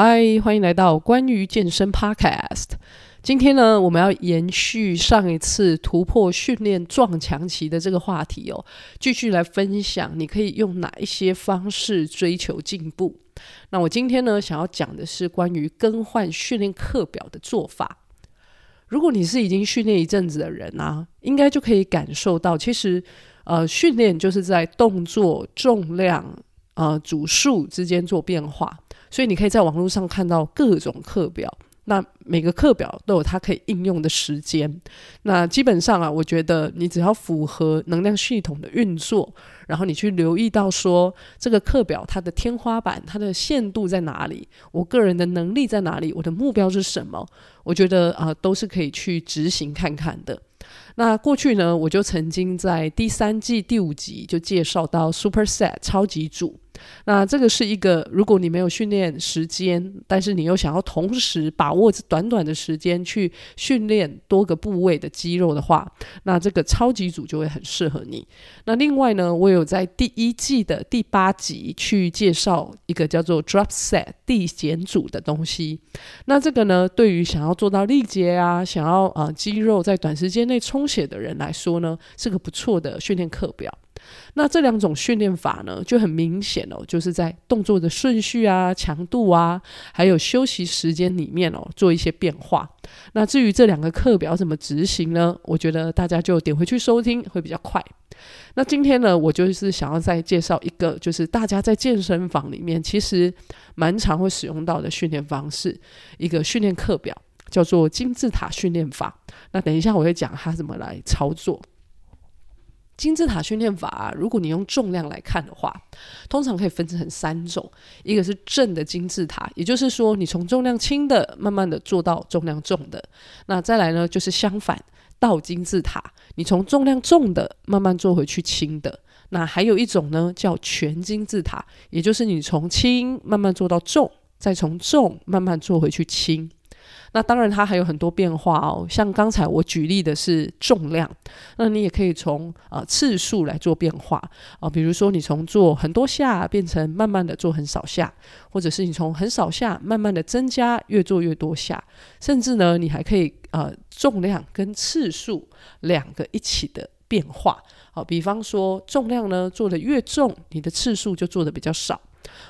嗨，Hi, 歡迎來到關於健身 Podcast。今天呢，我們要延續上一次突破訓練撞牆期的這個話題哦，繼續來分享你可以用哪一些方式追求進步。那我今天呢，想要講的是關於更換訓練課表的做法。如果你是已經訓練一陣子的人啊，應該就可以感受到，其實呃，訓練就是在動作、重量、呃，組數之間做變化。所以你可以在網絡上看到各種課表，那每個課表都有它可以應用的時間。那基本上啊，我覺得你只要符合能量系統的運作，然後你去留意到說，這個課表它的天花板、它的限度在哪裡，我個人的能力在哪裡，我的目標是什麼，我覺得啊，都是可以去執行看看的。那過去呢，我就曾經在第三季第五集就介紹到 super set 超級組。那這個是一個，如果你沒有訓練時間，但是你又想要同時把握這短短的時間去訓練多個部位的肌肉的話，那這個超級組就會很適合你。那另外呢，我有在第一季的第八集去介紹一個叫做 drop set 遞減組的東西。那這個呢，對於想要做到力竭啊，想要啊、呃、肌肉在短時間內充。寫的人來說呢，是個不錯的訓練課表。那這兩種訓練法呢，就很明顯哦，就是在動作的順序啊、強度啊，還有休息時間裡面哦，做一些變化。那至於這兩個課表怎麼執行呢？我覺得大家就點回去收聽會比較快。那今天呢，我就是想要再介紹一個，就是大家在健身房裡面其實蠻常會使用到的訓練方式，一個訓練課表叫做金字塔訓練法。那等一下我會講它怎麼來操作金字塔訓練法啊，如果你用重量來看的話，通常可以分成三種：一個是正的金字塔，也就是說你從重量輕的慢慢的做到重量重的；那再來呢，就是相反倒金字塔，你從重量重的慢慢做回去輕的；那還有一種呢，叫全金字塔，也就是你從輕慢慢做到重，再從重慢慢做回去輕。那當然，它還有很多變化哦。像剛才我舉例的是重量，那你也可以從呃次數來做變化啊、呃。比如說，你從做很多下變成慢慢的做很少下，或者是你從很少下慢慢的增加，越做越多下。甚至呢，你還可以呃重量跟次數兩個一起的變化。好、呃，比方說重量呢做得越重，你的次數就做得比較少。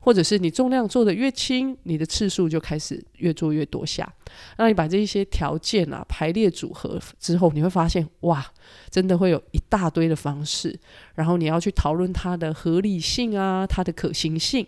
或者是你重量做得越輕，你的次數就開始越做越多下。那你把這一些條件啊排列組合之後，你會發現哇，真的會有一大堆的方式。然後你要去討論它的合理性啊，它的可行性。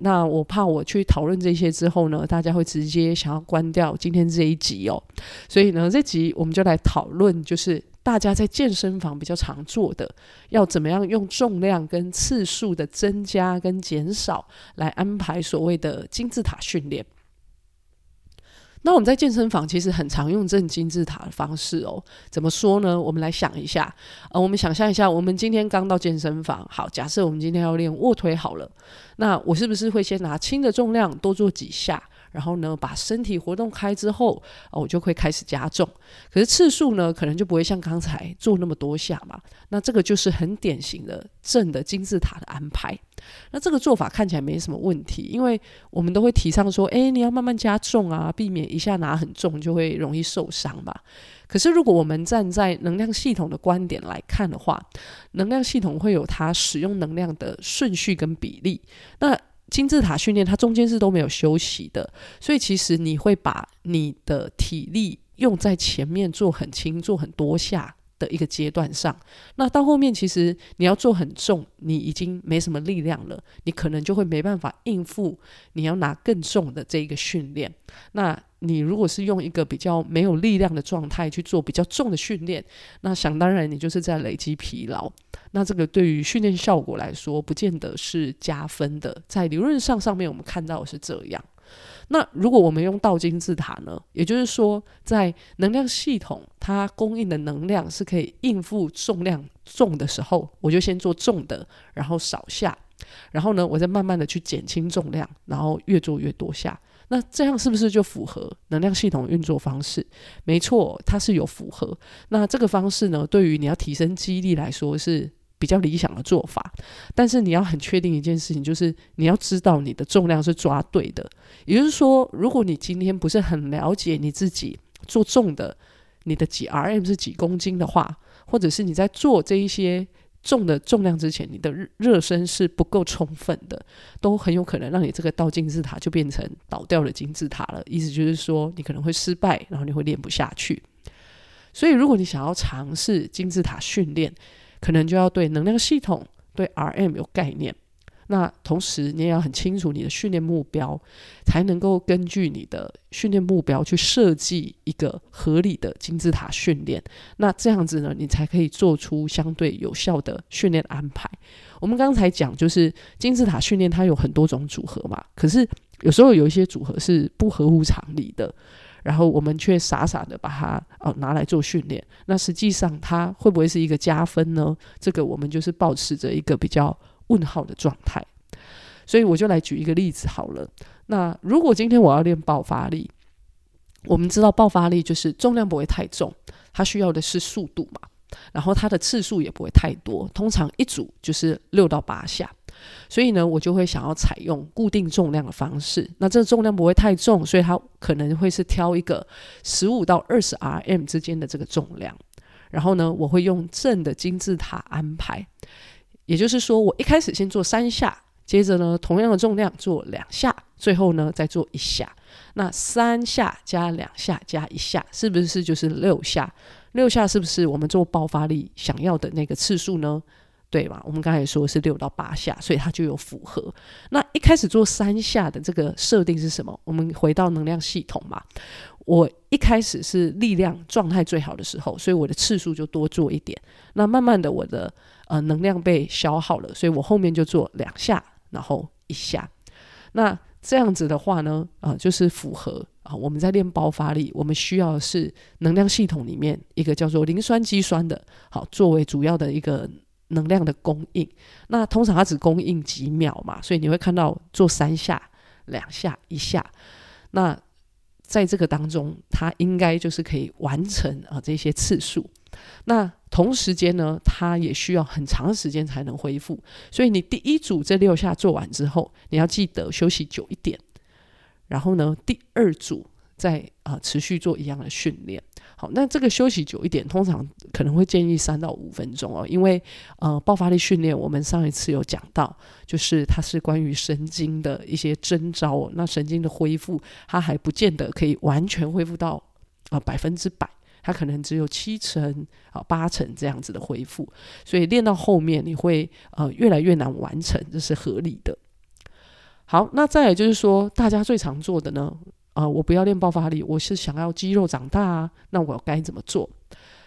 那我怕我去討論這些之後呢，大家會直接想要關掉今天這一集哦。所以呢，這集我們就來討論，就是大家在健身房比較常做的，要怎麼樣用重量跟次數的增加跟減少來安排所謂的金字塔訓練。那我們在健身房其實很常用正金字塔的方式哦。怎麼說呢？我們來想一下，呃，我們想象一下，我們今天剛到健身房，好，假設我們今天要練臥推好了，那我是不是會先拿輕的重量多做幾下？然後呢，把身體活動開之後，啊，我就會開始加重。可是次數呢，可能就不會像剛才做那麼多下嘛。那這個就是很典型的正的金字塔的安排。那這個做法看起來沒什麼問題，因為我們都會提倡說，哎、欸，你要慢慢加重啊，避免一下拿很重就會容易受傷嘛。可是如果我們站在能量系統的觀點來看的話，能量系統會有它使用能量的順序跟比例。那金字塔訓練，它中間是都沒有休息的，所以其實你會把你的體力用在前面做很輕、做很多下的一個階段上。那到後面，其實你要做很重，你已經沒什麼力量了，你可能就會沒辦法應付你要拿更重的這一個訓練，那你如果是用一個比較沒有力量的狀態去做比較重的訓練，那想當然你就是在累積疲勞。那這個對於訓練效果來說，不見得是加分的。在理論上上面，我們看到的是這樣。那如果我們用倒金字塔呢？也就是說，在能量系統它供應的能量是可以應付重量重的時候，我就先做重的，然後少下，然後呢，我再慢慢的去減輕重量，然後越做越多下。那這樣是不是就符合能量系統運作方式？沒錯，它是有符合。那這個方式呢，對於你要提升肌力來說是。比較理想的做法，但是你要很確定一件事情，就是你要知道你的重量是抓對的。也就是說，如果你今天不是很了解你自己做重的，你的幾 RM 是幾公斤的話，或者是你在做這一些重的重量之前，你的熱熱身是不夠充分的，都很有可能讓你這個倒金字塔就變成倒掉的金字塔了。意思就是說，你可能會失敗，然後你會練不下去。所以，如果你想要嘗試金字塔訓練，可能就要對能量系統、對 RM 有概念，那同時你也要很清楚你的訓練目標，才能夠根據你的訓練目標去設計一個合理的金字塔訓練。那這樣子呢，你才可以做出相對有效的訓練安排。我們剛才講，就是金字塔訓練它有很多種組合嘛，可是有時候有一些組合是不合乎常理的。然後我們卻傻傻的把它哦拿來做訓練，那實際上它會不會是一個加分呢？這個我們就是保持着一個比較問號的狀態。所以我就來舉一個例子好了。那如果今天我要練爆發力，我們知道爆發力就是重量不會太重，它需要的是速度嘛，然後它的次數也不會太多，通常一組就是六到八下。所以呢，我就會想要採用固定重量的方式。那這個重量不會太重，所以它可能會是挑一個十五到二十 RM 之間的這個重量。然後呢，我會用正的金字塔安排，也就是說，我一開始先做三下，接着呢，同樣的重量做兩下，最後呢，再做一下。那三下加兩下加一下，是不是就是六下？六下是不是我們做爆發力想要的那個次數呢？對嘛？我們剛才說是六到八下，所以它就有符合。那一開始做三下的這個設定是什麼？我們回到能量系統嘛。我一開始是力量狀態最好的時候，所以我的次數就多做一點。那慢慢的我的呃能量被消耗了，所以我後面就做兩下，然後一下。那這樣子的話呢，啊、呃，就是符合啊。我們在練爆發力，我們需要的是能量系統裡面一個叫做磷酸肌酸的好，作為主要的一個。能量的供應，那通常它只供應幾秒嘛，所以你會看到做三下、兩下、一下。那在這個當中，它應該就是可以完成啊這些次數。那同時間呢，它也需要很長的時間才能恢復。所以你第一組這六下做完之後，你要記得休息久一點。然後呢，第二組。在啊、呃，持續做一樣的訓練。好，那這個休息久一點，通常可能會建議三到五分鐘哦，因為呃，爆發力訓練我們上一次有講到，就是它是關於神經的一些徵召。那神經的恢復，它還不見得可以完全恢復到啊百分之百，它可能只有七成啊八成這樣子的恢復。所以練到後面，你會呃越來越難完成，這是合理的。好，那再來就是說，大家最常做的呢？啊、呃，我不要練爆發力，我是想要肌肉長大啊。那我該怎麼做？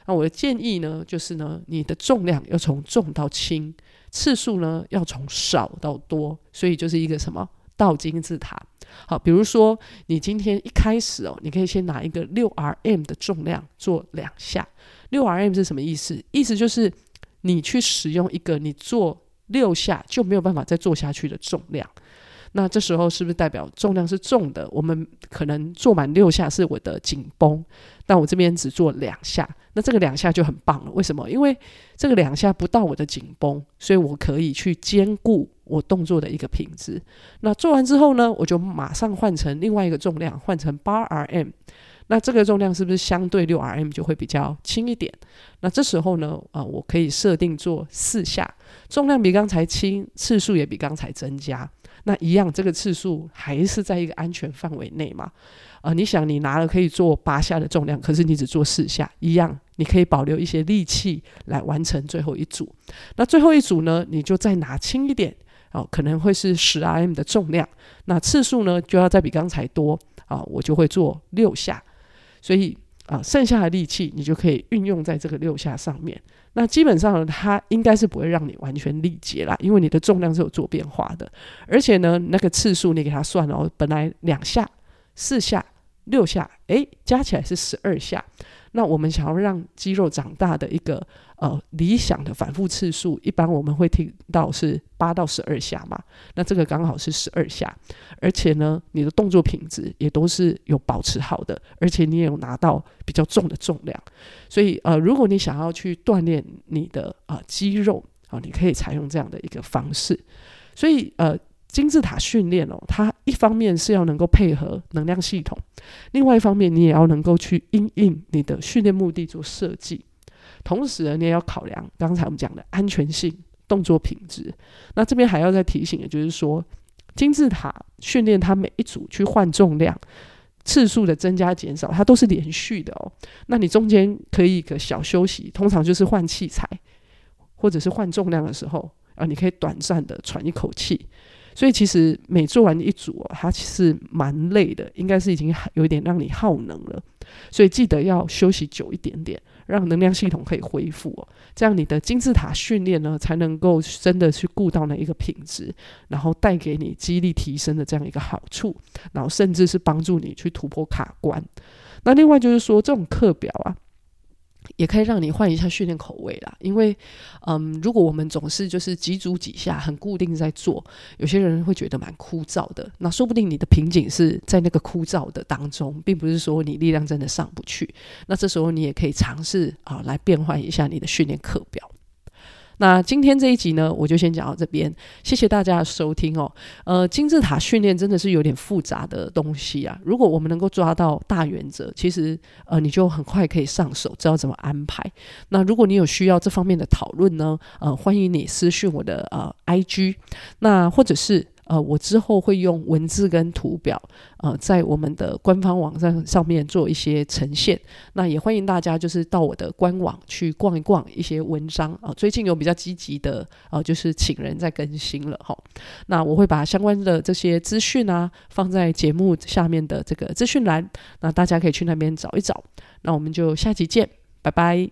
那我的建議呢，就是呢，你的重量要從重到輕，次數呢要從少到多，所以就是一個什麼倒金字塔。好，比如說你今天一開始哦，你可以先拿一個六 R M 的重量做兩下。六 R M 是什麼意思？意思就是你去使用一個你做六下就沒有辦法再做下去的重量。那這時候是不是代表重量是重的？我們可能做滿六下是我的緊繃，但我這邊只做兩下，那這個兩下就很棒了。為什麼？因為這個兩下不到我的緊繃，所以我可以去兼顧我動作的一個品質。那做完之後呢，我就馬上換成另外一個重量，換成八 RM。那這個重量是不是相對六 RM 就會比較輕一點？那這時候呢，啊、呃，我可以設定做四下，重量比剛才輕，次數也比剛才增加。那一樣，這個次數還是在一個安全範圍內嘛。啊、呃，你想你拿了可以做八下的重量，可是你只做四下，一樣，你可以保留一些力氣來完成最後一組。那最後一組呢，你就再拿輕一點哦、呃，可能會是十 RM 的重量。那次數呢，就要再比剛才多啊、呃，我就會做六下。所以啊，剩下的力氣你就可以運用在這個六下上面。那基本上呢，它應該是不會讓你完全力竭啦，因為你的重量是有做變化的，而且呢，那個次數你給他算哦，本來兩下、四下、六下，哎、欸，加起來是十二下。那我們想要讓肌肉長大的一個呃理想的反覆次數，一般我們會聽到是八到十二下嘛。那這個剛好是十二下，而且呢，你的動作品質也都是有保持好的，而且你也有拿到比較重的重量。所以呃，如果你想要去鍛鍊你的啊、呃、肌肉啊、呃，你可以採用這樣的一個方式。所以呃。金字塔訓練哦，它一方面是要能夠配合能量系統，另外一方面你也要能夠去因應你的訓練目的做設計，同時你也要考量剛才我們講的安全性、動作品質。那這邊還要再提醒的就是說，金字塔訓練它每一組去換重量次數的增加減少，它都是連續的哦。那你中間可以一個小休息，通常就是換器材或者是換重量的時候。啊，你可以短暫的喘一口氣，所以其實每做完一組、啊，它其實蠻累的，應該是已經有一點讓你耗能了，所以記得要休息久一點點，讓能量系統可以恢復哦、啊，這樣你的金字塔訓練呢，才能夠真的去顧到那一個品質，然後帶給你肌力提升的這樣一個好處，然後甚至是幫助你去突破卡關。那另外就是說，這種課表啊。也可以讓你換一下訓練口味啦，因為，嗯，如果我們總是就是幾組幾下很固定在做，有些人會覺得蠻枯燥的。那說不定你的瓶頸是在那個枯燥的當中，並不是說你力量真的上不去。那這時候你也可以嘗試啊，來變換一下你的訓練課表。那今天這一集呢，我就先講到這邊，謝謝大家的收聽哦。呃，金字塔訓練真的是有點複雜的東西啊。如果我們能夠抓到大原則，其實呃你就很快可以上手，知道怎麼安排。那如果你有需要這方面的討論呢，呃，歡迎你私訊我的呃 IG，那或者是。呃，我之後會用文字跟圖表，呃，在我們的官方網站上面做一些呈現。那也歡迎大家就是到我的官網去逛一逛一些文章啊，呃。最近有比較積極的，呃，就是請人在更新了吼。那我會把相關的這些資訊啊放在節目下面的這個資訊欄，那大家可以去那邊找一找。那我們就下期見，拜拜。